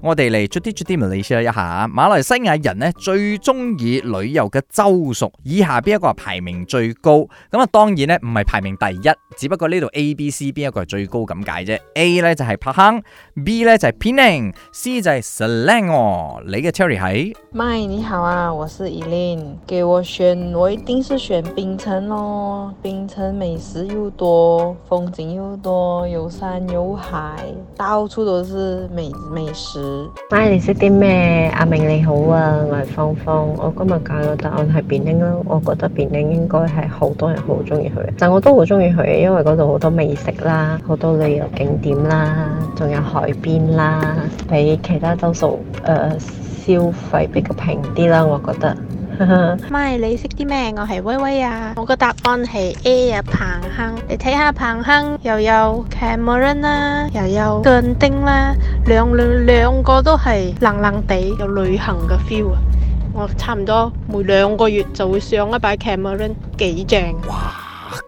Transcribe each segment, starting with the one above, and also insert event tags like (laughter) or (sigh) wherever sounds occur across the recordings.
我哋嚟逐啲逐啲嚟試一下，啊，馬來西亞人呢，最中意旅遊嘅州屬，以下邊一個係排名最高？咁啊，當然呢，唔係排名第一，只不過呢度 A、B、C 邊一個係最高咁解啫。A 呢就係彭亨，B 呢就係偏寧，C 就係雪蘭莪。你嘅 Terry 係？My 你好啊，我是 Eileen，給我選，我一定是選檳城咯，檳城美食又多，風景又多，有山有海，到處都是美美食。媽，Hi，你識啲咩？阿明你好啊，我係芳芳。我今日揀嘅答案係變丁啦，我覺得變丁應該係好多人好中意去，但我都好中意去，因為嗰度好多美食啦，好多旅遊景點啦，仲有海邊啦，比其他州屬誒消費比較平啲啦，我覺得。MY 你識啲咩？我係威威啊！我個答案係 A 啊！彭亨，你睇下彭亨又有 Cameron 啦，又有 Genting 啦，兩兩兩個都係冷冷地有旅行嘅 feel 啊！我差唔多每兩個月就會上一擺 Cameron 幾正！哇，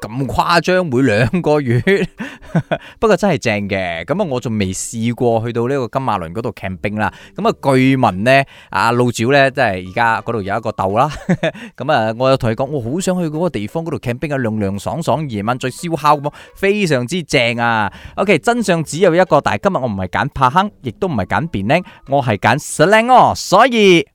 咁誇張，每兩個月？ (laughs) (laughs) 不過真係正嘅，咁啊我仲未試過去到呢個金馬崙嗰度 camping 啦，咁啊據聞咧啊，路照呢真係而家嗰度有一個竇啦，咁 (laughs) 啊我有同佢講，我好想去嗰個地方嗰度 camping 啊，涼涼爽爽，爽，夜晚再燒烤咁，非常之正啊。Okay，真相只有一個，但係今日我唔係揀柏坑，亦都唔係揀便拎，我係揀 Selangor 喎所以。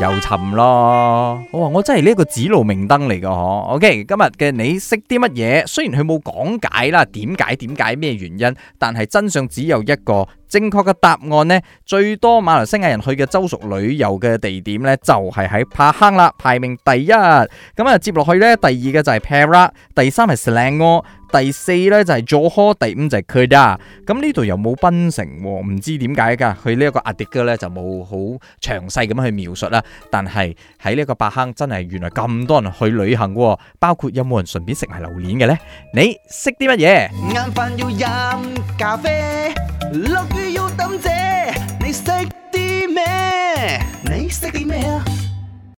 又沉咯，我、哦、話我真係呢一個指路明燈嚟噶，嗬、啊。OK，今日嘅你識啲乜嘢？雖然佢冇講解啦，點解點解咩原因，但係真相只有一個正確嘅答案呢，最多馬來西亞人去嘅州屬旅遊嘅地點呢，就係、是、喺帕坑啦，排名第一。咁、嗯、啊，接落去呢，第二嘅就係 Perak，第三係 Selangor。第四咧就係佐科，第五就係卡達。咁呢度又冇檳城，唔、哦、知點解㗎？佢呢一個阿迪哥咧就冇好詳細咁去描述啦。但係喺呢一個白坑真係原來咁多人去旅行嘅，包括有冇人順便食埋榴蓮嘅咧？你識啲乜嘢？飯要飲咖啡，落雨要等姐